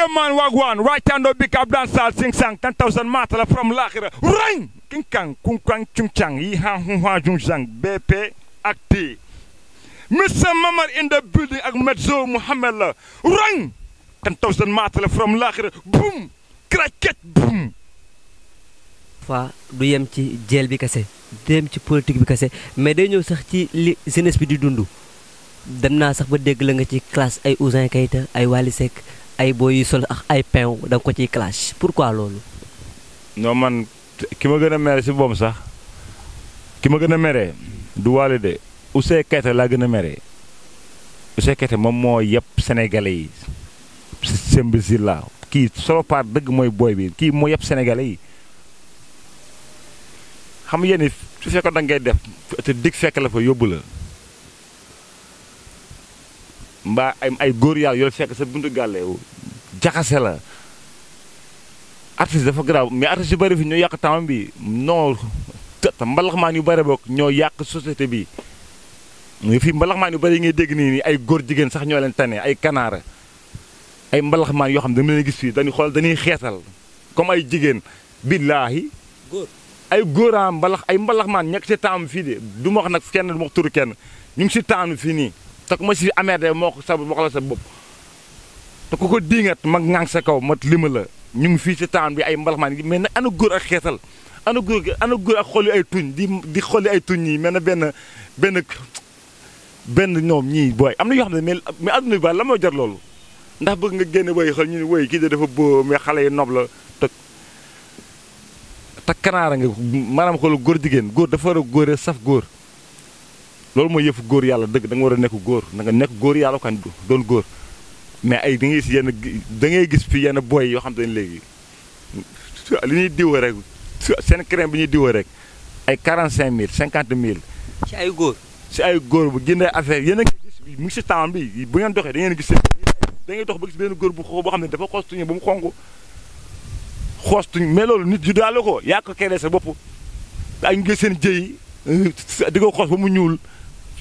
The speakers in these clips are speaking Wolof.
Indian man wagwan, right hand up, big up, dancehall, du yem ci jeel bi kase du yem ci politique bi kese mais day ñëw sax ci li jeunesse bi di dund dem naa sax ba dégg la nga ci classe ay Ousin Kayta ay Wally ay booy yu sol ay pain da ko ciy clash pourquoi loolu. non man ki ma gën a mere si boom sax ki ma gën a mere du Wally de Ouzin Keita laa gën a mere Ouzin Keita moom moo yëpp sénégalais yi sëmbisil la kii solo part dëgg mooy booy bi kii moo yëpp sénégalais yi xam yéen su fekkoon da ngay def te dig fekk la fa yóbbu la. mbaa ay góor yàlla yooyu fekk sa buntu gàlleewu jaxase la artiste dafa garaaw mais artiste yu bari fi ñoo yàq temps bi non te mbalaxmaan yu bëri bokk ñoo yàq société bi fii mbalaxmaan yu bëri yi ngay dégg nii nii ay góor jigéen sax ñoo leen tane ay kanaara ay mbalaxmaan yoo xam ne dama leen gis fii dañuy xool dañuy xeetal comme ay jigéen billaahi góor ay góoraa mbalax ay mbalaxmaan ñekk si taam fii de du ma wax nag kenn du wax turu kenn ñu ngi si taanu fii nii te ku ma si amerde moo ko sa moo ko la sa bopp te ku ko diingat mag ngang sa kaw mat lima la ñu ngi fii ci taan bi ay mbalaxmaan yi mais nag ana góor ak xeetal ana góor ana góor ak xolli ay tuñ di di xolli ay tuñ yi mel na benn benn benn ñoom ñii booy am na yoo xam ne mais mais adduna bi ba la moo jar loolu ndax bëgg nga génn woy xel ñu ne woy kii de dafa boo mais xale yi noob la te te kanaara nga maanaam xool góor jigéen góor dafa war a góore saf góor loolu mooy yëfu góor yàlla dëgg da war a nekk góor da nga nekk góor yàlla kan doon góor mais ay da ngay gis da ngay gis fi yenn boy yoo xam te ne léegi li ñuy diwa rek seen crème bi ñuy diwa rek ay 45000 50000. ci ay góor. si ay góor bu jëndee affaire yéen a ngi gis mu ngi temps bi bu ngeen doxee da ngeen gis seen da ngay dox ba gis benn góor bu xoo boo xam ne dafa xoostuñu ba mu xonk xoostuñ mais loolu nit ju daale ko yaa ko sa bopp ay ngi seen jëy di ko xoos ba mu ñuul.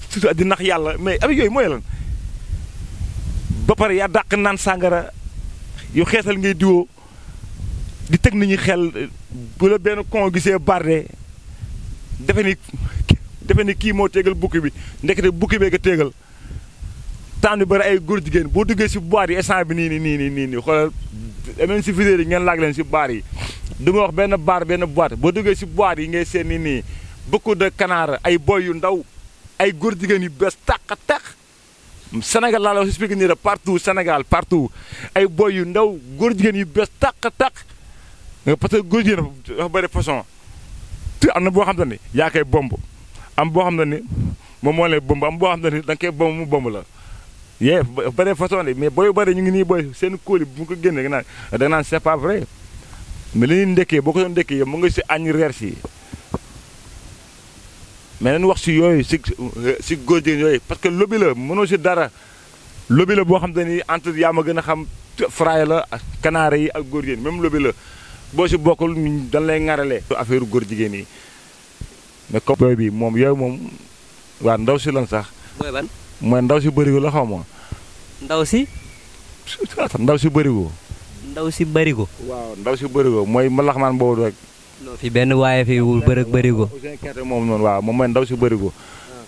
surtout di nax yàlla mais avec yooyu mooy la ba pare yaa dàq naan sàngara yu xeesal ngay diwoo di teg nañu xel bu la benn kon gisee barde defe ni defe ni kii moo téegal bukki bi ndekete bukki bee ko téegal temps bi bari ay góor jigéen boo duggee si baar yi instant bi nii nii nii nii nii xoolal même si viseur ngeen laaj leen si baar yi du wax benn baar benn boîte boo duggee si boîte yi ngay seen ni nii beaucoup de canards ay boy yu ndaw ay góor jigéen yu bees tàq tàq Sénégal laa la wax expliqué nii la partout senegal partout ay boy yu ndaw góor jigéen yu bees tàq tàq parce que góor jigéen dafa bëri façon am na boo xam ne yaa koy bomb am boo xam ne ni moom moo lay bomb am boo xam ne ni da koy bomb mu bomb la. yee bëri façon de mais booy bëri ñu ngi nii booy seen kóol yi bu ko génnee da nga naan c'est pas vrai mais ndekkee boo ko doon ndekkee yow mu nga si añ reer si. mais nañ wax si yooyu si góor jigéen yooyu parce que lobby la mënoo si dara lobby la boo xam ni entre yaa ma gën a xam fray la ak kanaare yi ak góor jigéen même lobby boo si bokkul dañ lay affaire góor jigéen yi mais comme booy bi moom yooyu moom waa ndaw si lan sax. mooy ban mooy ndaw si bërigo la xaw ma. ndaw si. ndaw si bërigo. ndaw si bërigo. waaw mooy malaxmaan boobu rek. fi benn waaye fi wul bërëg bërigo. moom noonu waaw moom mooy ndaw si bërigo. Ah.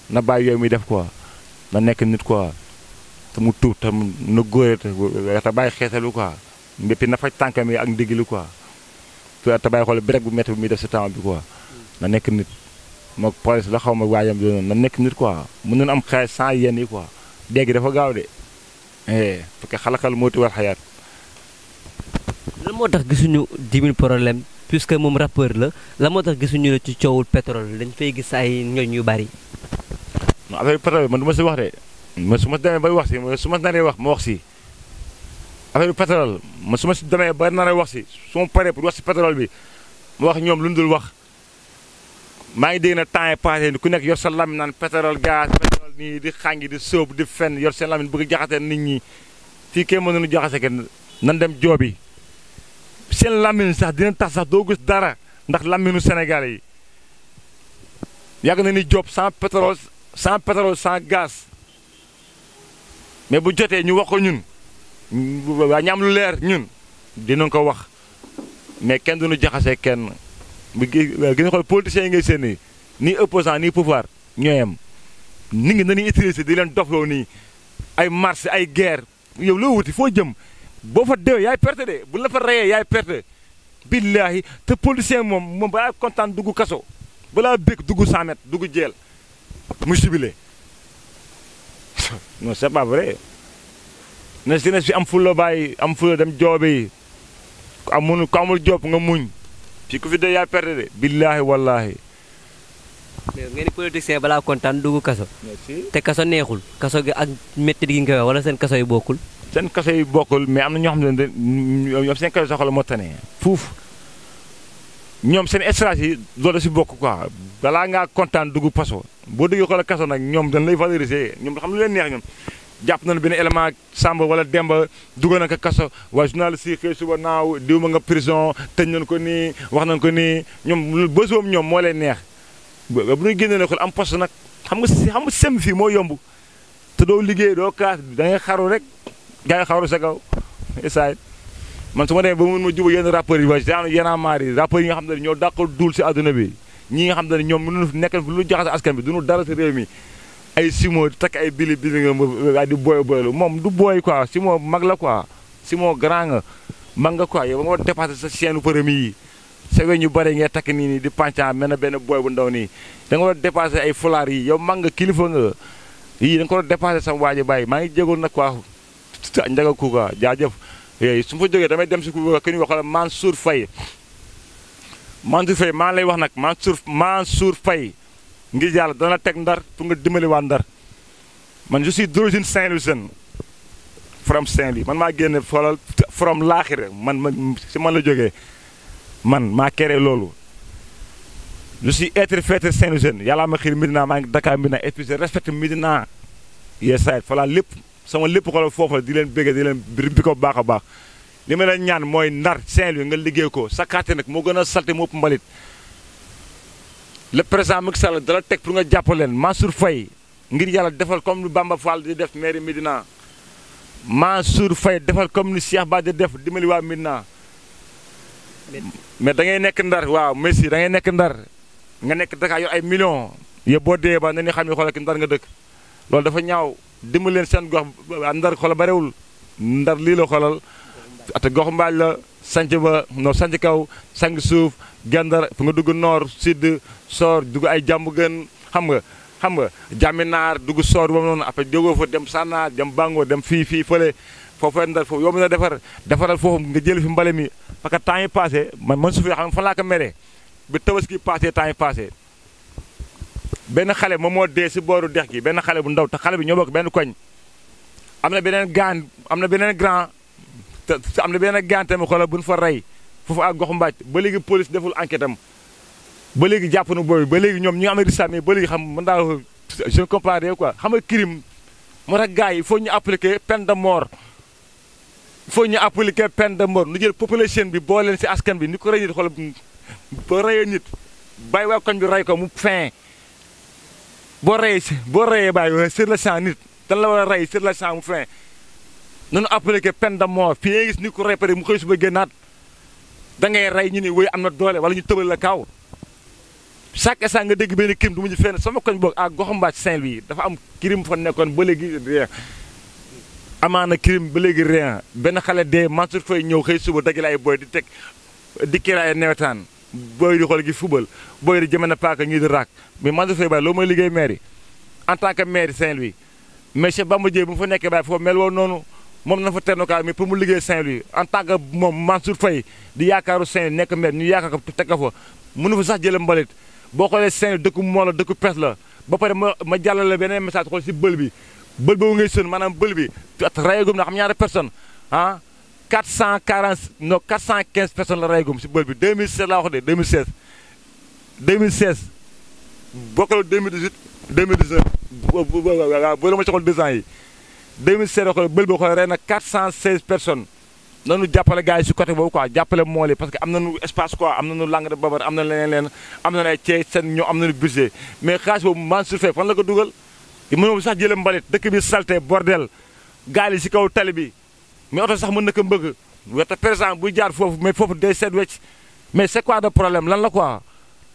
na bàyyi yooyu muy def quoi. na nekk nit quoi. te mu tuub te mu na góore te bàyyi xeesalu quoi. mbéppi na faj tànkam yi ak ndigg quoi. te bàyyi xool bi rek bu métti def si temps bi quoi. Hmm. na nekk nit. moog police la xaw ma waajam bi noonu na nekk nit quoi mën nañu am xaalis sans yéen yi quoi. dégg dafa gaaw de. Eh, parce que xalakal moo ti war xayaat. moo tax gisuñu 10 000 puisque moom rappeur la la moo tax gisuñu la ci coowul pétrole dañ fay gis ay ñoñ yu bari. non affaire pétrole man du si wax de man su ma demee bay wax si man su ma naree wax ma wax si affaire pétrole man su ma si demee ba naree wax si su ma paree pour wax si pétrole bi ma wax ñoom lu mu dul wax maa ngi dégg na temps yi passé ku nekk yor sa làmmiñ naan pétrole gaz pétrole nii di xàngi di sóob di fenn yor sa làmmiñ bëgg jaxase nit ñi fii kenn mënuñu jaxase kenn nan dem joobi. seen làmmiñ sax dina tax sax doo gis dara ndax làmmiñu Sénégal yi yàgg na ni job sans pétrole sans pétrole sans gaz mais bu jotee ñu wax ko ñun waa ñaam lu leer ñun dinañ ko wax mais kenn duñu jaxasee kenn bu gën a xool politiciens yi ngay seen nii ni opposant ni pouvoir ñoo yem nit ngi nañuy utiliser di leen dofloo nii ay marché ay guerre yow loo wuti foo jëm boo fa dee yaay perte de bu la fa te policier moom moom balaa kontaan dugg kaso balaa bëgg dugg 100 dugg jeel mu sibile non c'est pas na si ne si am fulla bàyyi am fulla dem joobe yi ku amul ku nga muñ fii ku fi dee yaay perte de billaahi wallaahi mais ngeen di balaa kontaan dugg kaso te kaso neexul kaso gi ak métti gi nga wala seen kaso yi bokkul seen kaso yi bokkul mais am na ñoo xam ne ñoom seen kaso soxla moo tane fuuf ñoom seen stratégie doole si bokk quoi balaa ngaa kontaan dugg paso boo duggee xoolal kaso nag ñoom dañ lay valoriser ñoom xam lu leen neex ñoom jàpp nañu benn élément Samba wala Demba dugg na ka kaso wa waaye journaliste yi xëy suba naa diw ma nga prison tëj nañ ko nii wax nañ ko nii ñoom bësoom ñoom moo leen neex bu ñu génnee ne xool am poste nag xam nga xam nga sem fii moo yombu te doo liggéey doo kaas rek gars yi xawru sa kaw isaay man su ma demee ba mun ma juba yenn rappeurs yi ba genre yenn amaar yi rappeurs yi nga xam ne ñoo dàqal duul si adduna bi ñi nga xam ne ñoom mënuñu nekk lu jaxase askan bi duñu dara si réew mi ay Simo takk ay bili bili nga di booy booylu moom du booy quoi Simo mag la quoi Simo grand nga mag nga quoi yow ba nga dépassé sa chaîne përëmi yi sa weñ yu bëri ngay takk nii nii di pàncaan mel na benn booy bu ndaw nii danga nga war ay fulaar yi yow mag nga kilifa nga yii da ko war a waa ji bàyyi maa ngi jégoon nag quoi Ndiaga Kouka jaajëf yooyu eh, su ma fa damay dem si Kouka ki ñuy wax Mansour Faye Mansour Faye maa lay wax nag Mansour Mansour Faye ngir yàlla dana teg ndar pour nga dimbali waa ndar man je suis d'origine Saint-Louisienne from Saint-Louis man maa génne xoolal from laaxire man ma si man la jógee man maa kere loolu je suis être fêté Saint-Louisienne yàllaa ma xiir Medina maa ngi Dakar Medina et puis je respecte Medina yes side fa lépp sama lépp xoolal foofu di leen béggee di leen bi ko baax a baax li ma leen ñaan mooy ndar Saint-Louis nga liggéey ko sa quartier nag moo gën a salté moo ëpp mbalit le président Macky Sall dala teg pour nga jàpp leen Mansour Faye ngir yàlla defal comme ni Bamba Fall di def maire Médina Mansour fay defal comme ni Cheikh Ba di def dimbali waa Médina mais da nekk ndar waaw Messi da ngay nekk ndar nga nekk Dakar yor ay millions yow boo dee baa na ni xam ne xoolal ki nga dëkk dimbali leen seen gox ah, ndar xola barewul ndar lii la xolal te gox mbaaj la sanc ba no sanc kaw sang suuf gendar fu nga dugg noor sud soor dugg ay jàmb gën xam nga xam nga jàmmi naar dugg soor ba noonu après jógoo fa dem sànnaa dem bàngoo dem fii fii fële foofu ndar foofu yow mën a defar defaral foofu nga jël fi mbale mi parce que temps yi passé man man su fi xam fan laa ko meree bi tabaski passé temps yi passé benn xale moom moo dee si booru dex gi benn xale bu ndaw te xale bi ñoo bokk benn koñ am na beneen gaan am na beneen grand te am na beneen gaan tamit xoolal bu ñu fa rey foofu ak goxu mbaaj ba léegi police deful enquête am ba léegi jàpp na boobu ba léegi ñoom ñu am résultat mais ba léegi xam mën daal je ne comprends rien xam nga crime moo tax gars yi faut ñu appliquer peine de mort faut ñu appliquer peine de mort nu jël population bi boo leen si askan bi ni ko rey nit xool boo reyee nit bàyyi waa koñ bi rey ko mu fin boo reyee si boo reyee bàyyi sur le champ nit dan la war a rey sur le champ mu fin nanu appliqué peine de mort fii ngay gis ni ko réparé mu koy suba génnaat da ngay rey ñu ne woy am na doole wala ñu tëbal la kaaw chaque instant nga dégg benn crime du mu ñu fenn sama koñ boog ak Goxambath Saint-Louis dafa am mu fa nekkoon ba léegi rien amaana crime ba léegi rien benn xale de Mansour Faye ñëw xëy suba dagg la ay booy di teg di kiraay newetaan booy di xool gi fubal booy di jëmën a paaka ñii di raak mais man de Seye Baye loo liggéey maire en tant que maire Saint-Louis mais Cheikh Bamba Dièye bu nekkee Baye foofu mel woon moom na fa ternukaay mais pour mu liggéey Saint-Louis en tant que moom Mansour Faye di yaakaaru Saint-Louis nekk maire ñu yaakaar ko teg ko fa mënu fa sax jëlee mbalit boo xoolee Saint-Louis dëkku moo la dëkku pes la ba pare ma ma jàllale beneen message xool si bël bi bël boobu ngay sën maanaam bël bi rayagum na xam ñaari personne ah. quatre cent quarante non quatre cent quinze personnes la reygum si bël bi 2016 laa wax de 2016 2016 bokkul 2018 2019 waaw boo ma soxal deux ans yi 2016 bokkul bël boo xoolee rey na quatre cent seize personnes nanu jàppale gars yi si côté boobu quoi jàppale mool yi parce que am nañu espace quoi am nañu langue de babar am na leneen leen am nañu ay ceeb seen ñoo am nañu budget mais xaalis boobu Mansour Faye fan la ko dugal mënoo sax jëlee mbalit dëkk bi salté bordel gaal yi si kaw tali bi. mais oto sax mën na ko mbëgg weta président buy jaar foofu mais foofu day seet wecc mais c'est quoi le problème lan la quoi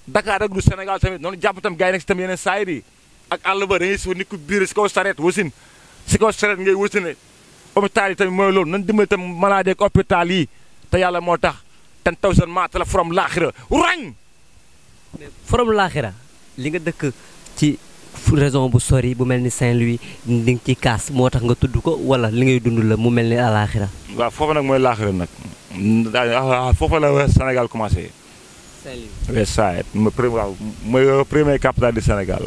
Dakar rek du Sénégal tamit noonu jàpp tam gars yi nekk si tam yeneen saayir yi ak àll ba da ngay si nit ku biir si kaw sareet wasin si kaw sareet ngay wasine hôpital yi tamit mooy loolu nan dimbali tam malade ak hôpital yi te yàlla moo tax ten taw seen te la forom laaxira rañ forom laaxira li nga dëkk ci raison bu sori bu mel ni Saint-Louis di nga ci kaas moo tax nga tudd ko wala li ngay dund la mu mel ni alaaxira waaw foofu nag mooy laaxira nag daa ah, ah, foofu la waa Sénégal commencé. Saint-Louis waaw ma premier waaw mooy premier Sénégal.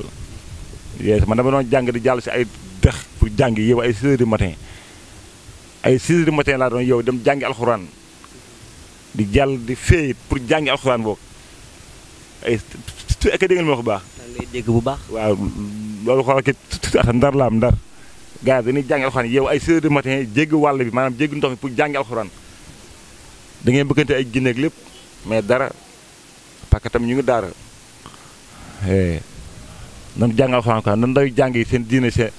yes man dama doon jàng di jàll si ay dex pour jàng yow ay 6 heures ay 6 heures laa doon yow dem jàngi alxuraan di jàll di féey pour jàngi alxuraan boog est-ce que dégg nga bu baax. lay dégg bu baax. waaw loolu xoolal ki ndar laam ndar gars dañuy jàngi alxuraan yow ay 6 heures du wàll bi maanaam jéggi ndox mi pour jàngi alxuraan da ngeen bëggante ay ginneeg lépp mais dara parce que ñu ngi daara eh, nan jàng alxuraan quoi nan day jàng seen diine seen.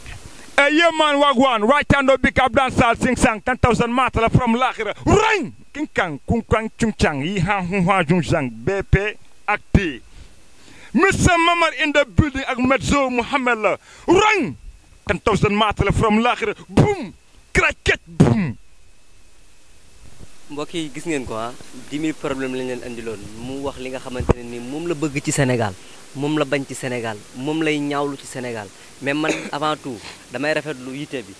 a eh, yeman wagwan wacando bikab dan sal sing ten thousand matala from lakhira rain kinkang kunkang chungchang yi ha hun ha jung jang bp ak Mr. Mamar in the ak Mezzo Muhammad la rang 10,000 matala from laaxira boum craquette boum. mbokk yi gis ngeen ko ah 10 000 problème lañ leen andiloon mu wax li nga xamante ne ni moom la bëgg ci senegal moom la bañ ci senegal moom lay ñaawlu ci senegal mais man avant tout damay rafetlu yite bi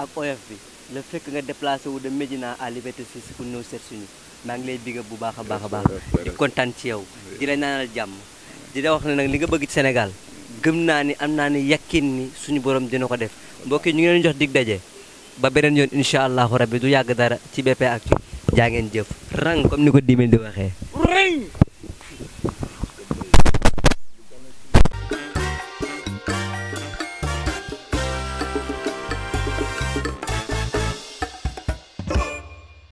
ak oyof bi la fekk nga déplacé wu de Médina à Liberté 6 pour ñëw seet suñu maa ngi lay bigg bu baax a baax a baax di kontaan ci yow di la jàmm. di wax ne nag li nga bëgg ci Sénégal gëm naa ni am naa ni yàqin ni suñu borom dina ko def mbokk ñu ngi jox dig daje ba beneen yoon incha allahu rabbi du yàgg dara ci ak Actu jaa ngeen jëf rang comme ni ko diimil di waxee